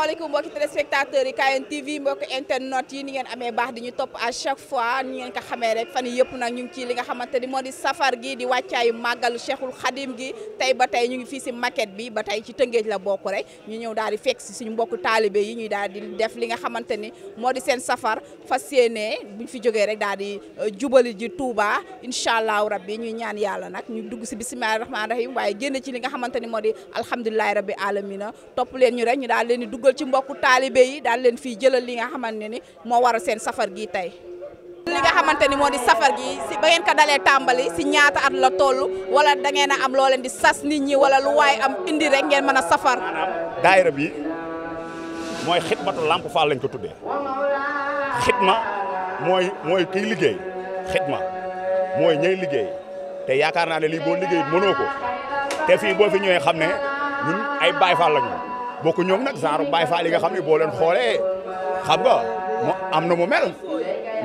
asalaamaaleykum mbokki téléspectateurs yi KN TV mbokki internet yi ni ngeen amee baax ñu topp à chaque fois ni ngeen ko xamee rek fan yëpp nag ñu ngi ci li nga moo di tey ba tey ñu ngi fii si maquette bi ba tey ci Tëngéej la bokk rek ñu ñëw daal di fekk si suñu mbokku taalibe yi ñuy daal di def li nga xamante ni moo di seen safar fas yéenee buñ fi jógee rek daal di euh, jubali ji Touba incha allahu rabbi ñuy ñaan yàlla nag ñu dugg si bismillahi rahmaani rahim waaye génn ci li nga xamante ni moo di alhamdulilahi rabbi alamina topp leen ñu rek ñu daal leen di dugg ci mbokku taalibe yi daal leen fii jëlal li nga xamante ni moo waral seen safar gi tey. li nga xamante ni moo di safar gi ba ngeen ko dalee tàmbali si ñaata at la toll wala da am loo leen di sas ni ñi wala lu waay am indi rek ngeen mën a safar. daayira bi mooy xidmatu Lamp Fall lañ ko tuddee xidma mooy mooy kiy liggéey xidma mooy ñay liggéey te yaakaar naa ne lii boo liggéey mënoo ko te fii boo fi ñëwee xam ne ñun ay Baay Fall lañu. bokk ñoom nag genre Baye Fall yi nga xam ne boo leen xoolee xam nga mu am na mu mel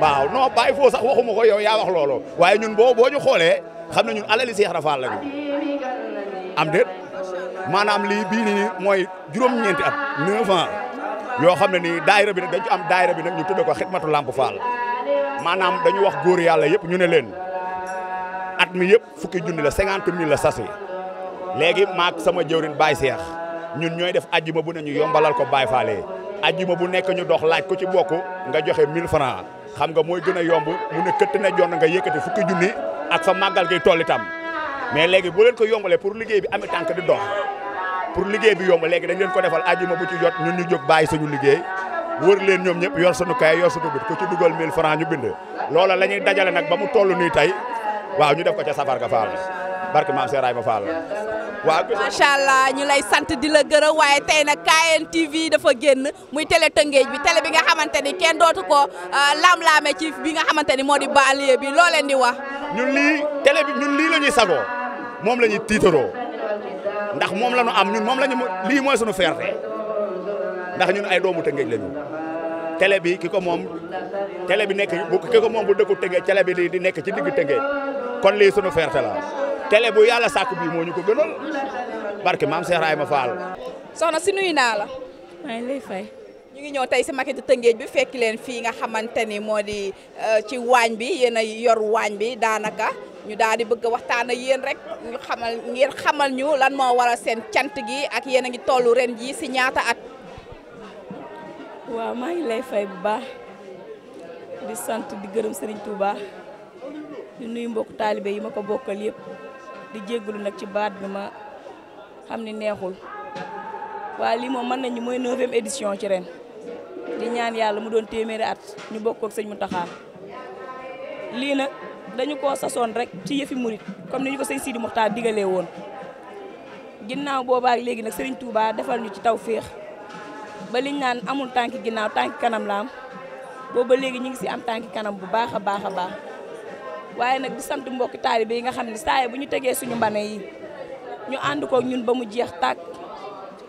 waaw non Baye foo sax waxuma ko yow yaa wax loolu waaye ñun boo boo ñu xoolee xam ne ñun alali Seex Ibra lañu am déet maanaam lii bii mooy juróom-ñeenti at neuf ans yoo xam ne nii daayira bi nag dañ ci am daayira bi nag ñu tudde ko xidmatu Lamp Fall maanaam dañu wax góor yàlla yëpp ñu ne leen at mi yëpp fukki junni la cinquante mille la sase léegi maak sama jëwrin Baye Seex ñun ñooy def ajima bu ne ñu yombalal ko Baay Faal yi ajjuma bu nekk ñu dox laaj ku ci bokk nga joxe 1000 francs xam nga mooy gën a yomb mu ne këtt na jonn nga yëkkati fukki junni ak fa màggal gi toll itam mais léegi bu leen ko yombalee pour liggéey bi amee tànk di dox pour liggéey bi yomb léegi dañ leen ko defal ajjuma bu ci jot ñun ñu jóg bàyyi suñu liggéey wër leen ñoom ñëpp yor suñu kay yor suñu bit ku ci dugal 1000 francs ñu bind loola la ñuy dajale nag ba mu toll nii tey waaw ñu def ko ca safar ga faal barke maam Seeraay ma faal macha allah ñu lay sant di la gërëm waaye tey nag KN TV dafa génn muy tele Tëngéej bi tele bi nga xamante ni kenn dootu ko euh, laam-laame ci bi nga xamante ni moo di banlieue bi loo leen di wax. ñun lii télé bi ñun lii la ñuy sagoo moom lañuy ñuy ndax moom la ñu am ñun moom lañu ñu lii mooy suñu fierté ndax ñun ay doomu Tëngéej la ñu. bi ki ko moom tele bi nekk bu ki ko moom bu dëkku Tëngéej télé bi di nekk ci digg Tëngéej kon lii suñu fierté la. télé bu yàlla sàkk bii moo ñu ko gënal barke maam Cheikh Ibrahima Fall. soxna si nuyu naa la. maa ngi lay fay. ñu ngi ñëw tey si maquette Tëngéej bi fekk leen fii nga xamante ni moo di euh, ci waañ bi yéen yor waañ bi daanaka ñu daal di bëgg a waxtaan a yéen rek ñu xamal ñu lan moo waral seen cant gi ak yéen a ngi tollu ren jii si ñaata at. waaw maa ngi lay fay bu baax di sant di gërëm sëriñ Touba di nuyu mbokk taalibe yi ma ko bokkal yépp di jéggalu nag ci baat bi ma xam ni neexul waaye lii moom mën nañu mooy neuvième édition ci ren di ñaan yàlla mu doon téeméeri at ñu bokkok sëñ Mountakha lii nag dañu koo sasoon rek ci yëfi murit comme ni ñu ko sëñ Sidi Mokhtar digalee woon ginnaaw boobaak léegi nag Serigne Touba defal ñu ci tawféex ba liñ naan amul tànki ginnaaw tànki kanam laam booba léegi ñu ngi si am tànki kanam bu baax a baax a baax waaye nag di sant mbokki taalibe yi nga xam ni saa bu ñu tegee suñu mbane yi ñu ànd ko ñun ba mu jeex tàkk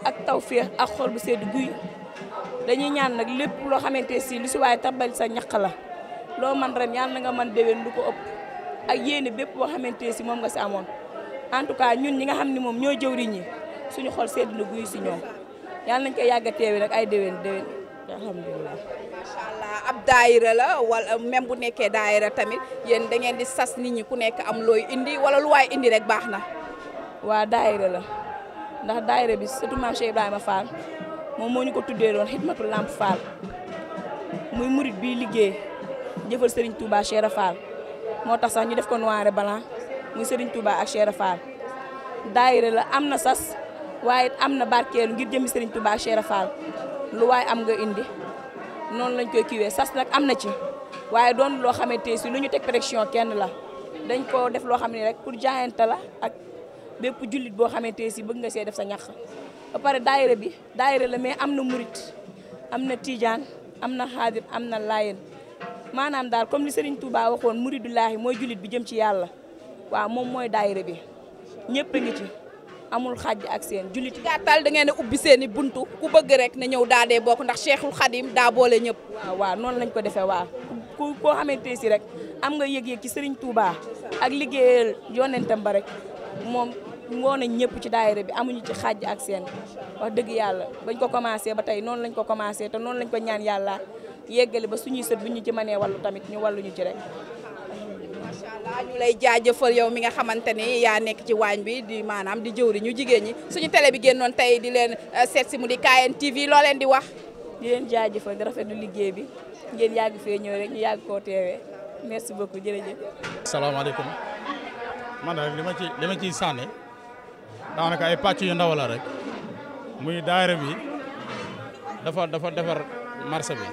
ak tawféex ak xol bu sedd guy dañuy ñaan nag lépp loo xamante si lu si waaye tabal sa ñaq la loo man ren ñaan na nga man déwén lu ko ëpp ak yéene bépp boo xamante si moom nga si amoon en tout cas ñun ñi nga xam ni moom ñoo jëwriñ ñi suñu xol sedd na guy si ñoom yàlla nañ koy yàgga teewe nag ay déwén déwén alhamdulilah ab daayira la wala même bu nekkee daayira tamit yéen da ngeen di sas nit ñi ku nekk am looy indi wala lu waay indi rek baax na waa daayira la ndax daayira bi surtout maam Cheikh Ibrahima Fall moom moo ñu ko tuddee doon xidmatul lamp Fall muy murit bi liggéey jëfal Serigne Touba Cheikh Fall moo tax sax ñu def ko noir et blanc muy Serigne Touba ak Cheikh Fall daayira la am na sas waaye am na barkeelu ngir jëmi Serigne Touba Cheikh Fall lu waaye am nga indi noonu lañ koy kiiwee sas nag am na ci waaye doon loo xamante si lu ñu teg protection kenn la dañ ko def loo xam ne rek pour jaayante la ak bépp jullit boo xamante si bëgg nga see def sa ñax ba pare daayira bi daayira la mais am na murit am na tiijaan am na xaadir am na laayeen maanaam daal comme li Serigne Touba waxoon du laahi mooy jullit bi jëm ci yàlla waaw moom mooy daayira bi ñëpp ngi ci amul xaj ak seen jullit gàttal da ngeen a ubbi seeni bunt buntu ku bëgg rek ne ñëw daa dee bokk ndax Cheikhul Khadim daa boole ñëpp. waaw noonu lañ ko defee waaw ko koo xamante si rek am nga yëg-yëg ci Serigne Touba ak liggéeyal yonentam ba rek moom ngoo nañ ñëpp ci daayira bi amuñu ci xàjj ak seen wax dëgg yàlla bañ ko commencé ba tey noonu lañ ko commencé te noonu lañ ko ñaan yàlla yeggali ba suñuy sët bu ñu ci mënee wallu tamit ñu walluñu ci rek. waaw lay jaajëfal yow mi nga xamante ni yaa nekk ci waañ bi di maanaam di jëwri ñu jigéen ñi suñu télé bi génnoon tey di leen euh, seet si mu di KN TV loo leen di wax. di leen jaajëfal di rafetlu liggéey bi ngeen yàgg fee ñëw rek ñu yàgg koo teewee merci beaucoup jërëjëf. salaamaaleykum man nag li ma ci li ciy sànni daanaka ay pàcc yu ndaw la rek muy daayira bi dafa dafa defar marché bi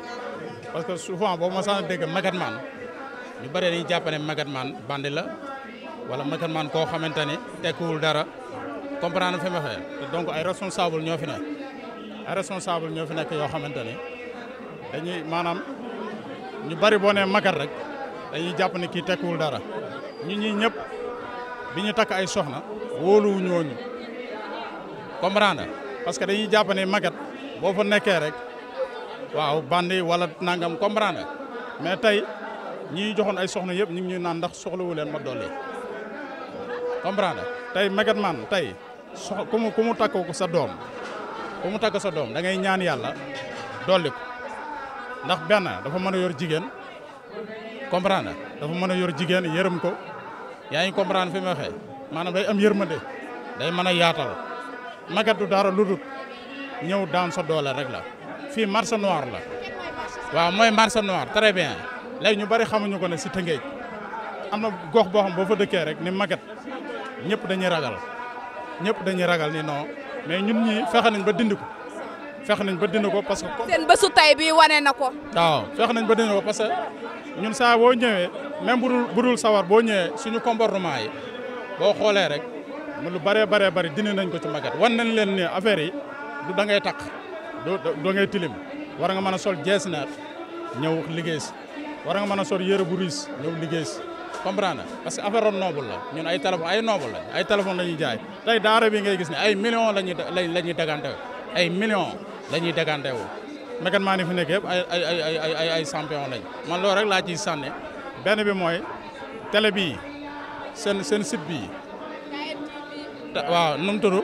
parce que souvent boobu ma sànni dégg magat man ñu bëree dañuy jàpp ne man Mane bandi la wala Maguette Mane koo xamante ni tekkiwul dara comprendre fi ma waxee donc ay responsable ñoo fi nekk ay responsable ñoo fi nekk yoo xamante ni dañuy maanaam ñu bari boo nee Maguette rek dañuy jàpp ne kii tekkiwul dara ñu ñi ñëpp bi ñu takk ay soxna wóoluwu ñooñu comprendre parce que dañuy jàpp ne boo fa nekkee rek waaw bandi wala nangam comprendre mais tey ñi joxoon ay soxna yëpp ñu ngi ñuy naan ndax soxlawu leen ma dolli comprendre tey magat man tey sox ku mu ku takk ko sa doom ku mu takk sa doom dangay ñaan yàlla dolli ko ndax benn dafa mën a yor jigéen comprendre dafa mën a yor jigéen yërëm ko yaa ngi comprendre fi mu waxee maanaam day am yërmande day mën a yaatal magat du daara lu dul ñëw daan sa doole rek la fii marché noir la waaw mooy marché noir très bien léegi ñu bari xamuñu ko ne si Tëngéej am na gox boo xam boo fa dëkkee rek ni magat ñëpp dañuy ragal ñëpp dañuy ragal ni non mais ñun ñii fexe nañ ba dindi ko fexe nañ ba dindi ko parce que. seen bésu tay bi wane na ko. waaw nañ ba dindi parce que ñun saa woo ñëwee même budul budul sawar boo ñëwee suñu comportement yi boo xoolee rek mu lu baree baree bari dindi nañ ko ci magat wan nañ leen ni affaire yi du da ngay takk du da ngay tilim war nga mën a sol jees na ñëw liggéey si. war nga mën a sol yére bu riis ñëw liggéey parce que affaire am noble la ñun ay téléphone ay noble la ay téléphone la ñuy jaay tey daara bi ngay gis ne ay millions la ñuy la ñuy dagante ay millions la ñuy dagante wu mécanicien yi fi nekk yëpp ay ay ay lañ man loolu rek laa ciy sànni benn bi mooy télé bii sen seen site bii waaw nu mu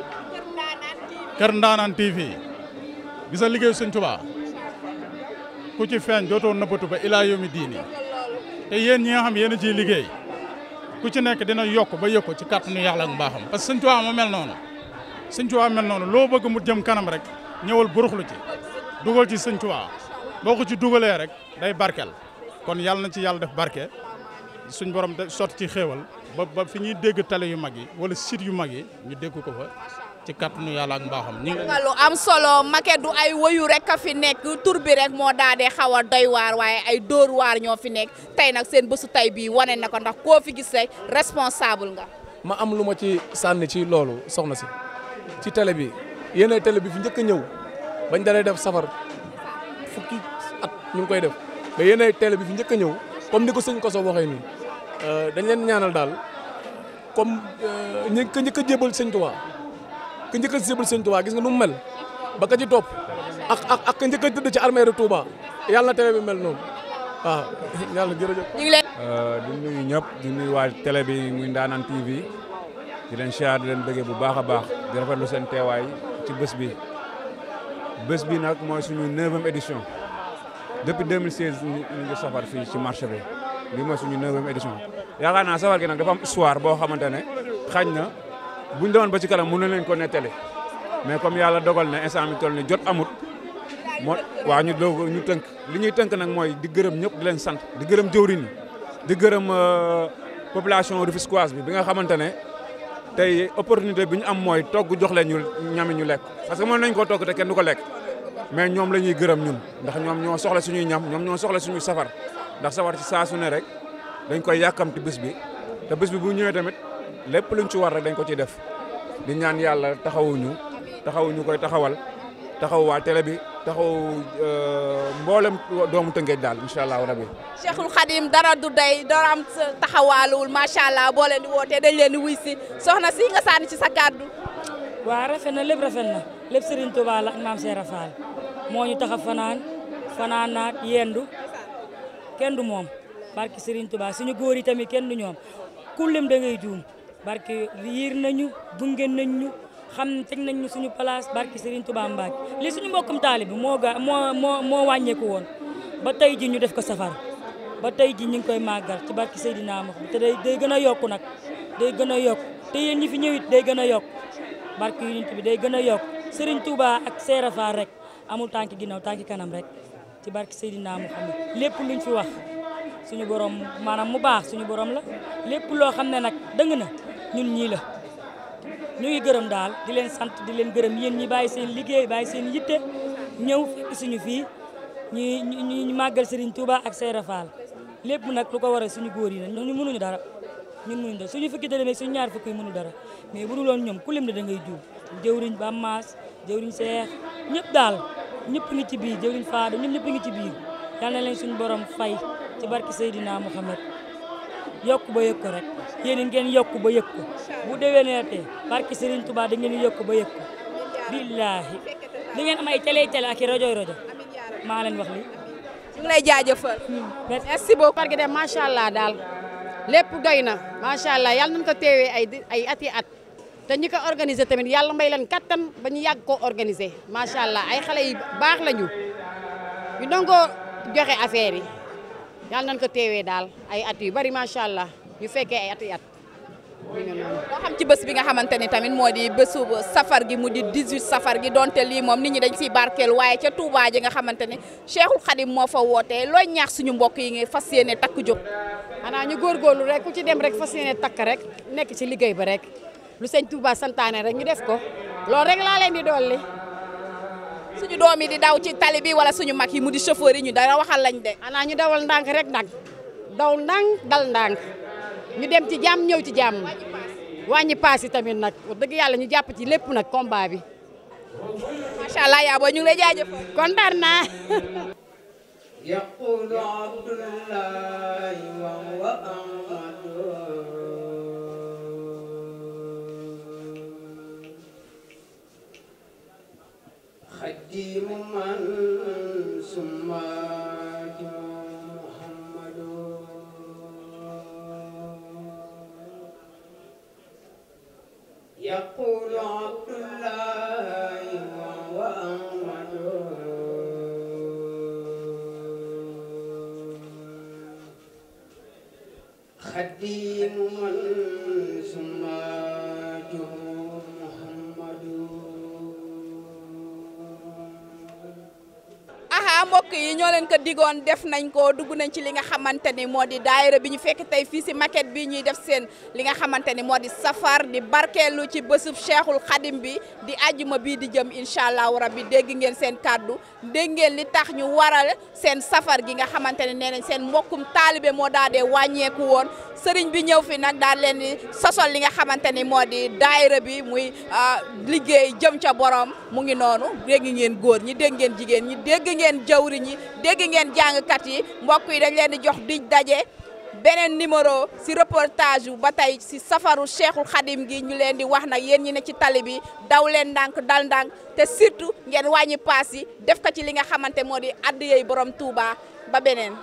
Kër Ndaanaan TV gis nga liggéey Sëñ Tuubaa ku ci feeñ dootoo nëbbatu ba ilaa yomi diini te yéen ñi nga xam yéen a ciy liggéey ku ci nekk dina yokk ba yokk ci kàttanu yàlla ak mbaaxam parce que Sëñ Tuubaa ma mel noonu Sëñ Tuubaa mel noonu loo bëgg mu jëm kanam rek ñëwal buruxlu ci dugal ci Sëñ boo ko ci dugalee rek day barkel kon yàlla na ci yàlla def barke suñ borom sot ci xéewal ba ba fi ñuy dégg tale yu mag yi wala site yu mag yi ñu dégg ko fa ci kàttanu yàlla ak mbaaxam. ñu ngi lu am solo make du ay woyu rek a fi nekk tur bi rek moo daa dee xaw a doy waar waaye ay dóor waar ñoo fi nekk tey nag seen bésu tey bii wane na ko ndax koo fi gis rek responsable nga. ma am lu ma ci sànni ci loolu soxna si ci télé bi yéenay télé bi fi njëkk a ñëw bañ dalee def safar ñu ngi koy def mais yéenay télé bi fi njëkk a ñëw comme ni ko sëñ Koso waxee nii euh, dañ leen ñaanal daal comme euh, ñi ko njëkk a jébal sëñ ka njëkk si sibal sëñ gis nga nu mu mel ba ka ci topp ak ak ak ka njëkk ci armée de yàlla na télé mel noonu waaw yàlla jërëjëf. Euh, di ñëpp di nuyu waa télé bi muy Ndaanaan TV di leen siyaar di leen bëggee bu baax a baax di rafetlu seen teewaay ci bés bi bés bi nag mooy suñu neuvième édition depuis 2016 ñu ngi safar fii ci marché bi lii mooy suñu neuvième édition yaakaar naa safar gi nag dafa am histoire boo xamante ne xañ na. buñ demoon ba ci kanam mënu leen ko nettali mais comme yàlla dogal na instant bi toll ni jot amut moo waa ñu doog ñu tënk li ñuy tënk nag mooy di gërëm ñëpp di leen sant di gërëm jëwriñ di gërëm euh, population rufisquoise bi bi nga xamante ne tey opportunité bi ñu am mooy togg jox leen ñu ñami ñu lekk parce que mën nañ koo togg te kenn du ko lekk mais ñoom la ñuy gërëm ñun ndax ñoom ñoo soxla suñuy ñam ñoom ñoo soxla suñuy safar ndax safar ci su ne rek dañ koy yàkkamti bés bi te bés bi bu ñëwee tamit lépp luñ ci war rek dañ ko ci def di ñaan yàlla taxawuñu taxawuñu koy taxawal taxaw waa télé bi taxaw euh, mboolem doomu Tëngéej daal incha allahu rabi. Cheikhul Khadim dara du day dara am taxawaaluwul macha allah boo leen di wootee dañ leen di wuy si soxna si nga sànni ci sa kàddu. waaw rafet na lépp rafet na lépp Serigne Touba la ak maam Cheikh Rafal moo ñu tax a fanaan fanaan naat yendu kenn du moom barki Serigne Touba suñu góor yi tamit kenn du ñoom kullim da barke yiir nañu gunge nañ ñu xam teg nañ suñu place barke Serigne Touba Mbacke li suñu mbokkum taalibe moo ga moo moo moo wàññeeku woon ba tey ji ñu def ko safar ba tey ji ñu ngi koy màggal ci barke Seydina Muhammad te day day gën a yokku nag day gën a yokku te yéen ñi fi ñëwit day gën a yokku barke Yonent bi day gën a yokku Serigne Touba ak Serapha rek amul tànki ginnaaw tànki kanam rek ci barke Seydina Muhammad lépp luñ fi wax. suñu borom maanaam mu baax suñu borom la lépp loo xam ne nag dëng na ñun ñii la ñu ngi gërëm daal di leen sant di leen gërëm yéen ñi bàyyi seen liggéey bàyyi seen yitte ñëw fekk suñu fii ñuy ñu màggal Serigne Touba ak Seyra Fall lépp nag lu ko waral suñu góor yi nag ñu mënuñu dara ñun mënuñu dara suñu fukki dërëm suñu ñaar fukki mënu dara mais bu loon woon ñoom ku lim ne da ngay juum jëwriñ Bammaas jëwriñ Seex ñëpp daal ñëpp ngi ci biir jëwriñ Faada ñëpp ñëpp ngi ci biir yal suñu borom fay ci barki Seydina Mouhamed yokk ba yëg ko rek yéen yokk ba yëg bu déwénee barki Serigne Touba da ngeen yokk ba yëg ko billaahi li ngeen am ay télé ak i rajo rajo maa leen wax li ñu ngi lay jaajëfal. merci beaucoup. parce que de macha allah daal lépp doy na macha allah yàlla nañu ko teewee ay ay at yi at te ñi ko organiser tamit yàlla may leen kattan ba ñu yàgg koo organiser macha allah ay xale yi baax lañu ñu dongoo joxe yàlla nañ ko teewee daal ay at yu bari macha allah ñu fekkee ay at yu at. loo xam ci bés bi nga xamante ni tamit moo di bésu safar gi mu di 18 safar gi donte lii moom ni ñi dañ siy barkeel waaye ca Touba ji nga xamante ni Cheikhul moo fa wootee looy ñaax suñu mbokk yi nga fas yéene takk jóg. xanaa ñu góor góorgóorlu rek ku ci dem rek fas yéene takk rek nekk ci liggéey ba rek lu sëñ Touba santaane rek ñu def ko loolu rek laa leen di dolli. suñu doom yi di daw ci tali bi wala suñu mag yi mu di chauffeur yi ñu dara waxal de. xanaa ñu dawal ndànk rek nag daw ndànk dal ndànk ñu dem ci jàmm ñëw ci jàmm wàññi paas yi tamit nag yàlla ñu jàpp ci lépp nag combat bi. ñu ngi lay jaajëfal الدين من سماك محمد يقول عبد ñoo leen ko def nañ ko dugg nañ ci li nga xamante ni moo di daayira bi ñu fekk tey fii si maquette bi ñuy def seen li xamante ni moo di safar di barkeelu ci bésub cheikhul xadim bi di ajuma bii di jëm incha allahu rabbi dégg ngeen seen kàddu dégg ngeen li tax ñu waral seen safar gi nga xamante ne nee nañ seen mbokkum taalibe moo daade wàññeeku woon sëriñ bi ñëw fi nag daal leen di sosol li nga xamante ni moo di daayira bi muy ah, liggéey jëm ca borom mu ngi noonu dégg ngeen góor ñi dégg ngeen jigéen ñi dégg ngeen jawri ñi dégg ngeen jàngkat yi mbokk yi dañ leen di jox di daje beneen numéro si reportage bu ba tey si safaru Cheikhul Khadim gi ñu leen di wax nag yéen ñi ne ci tali bi daw leen ndànk dal ndànk te surtout ngeen wàññi paas yi def ko ci li nga xamante moo di addu yey borom Touba ba beneen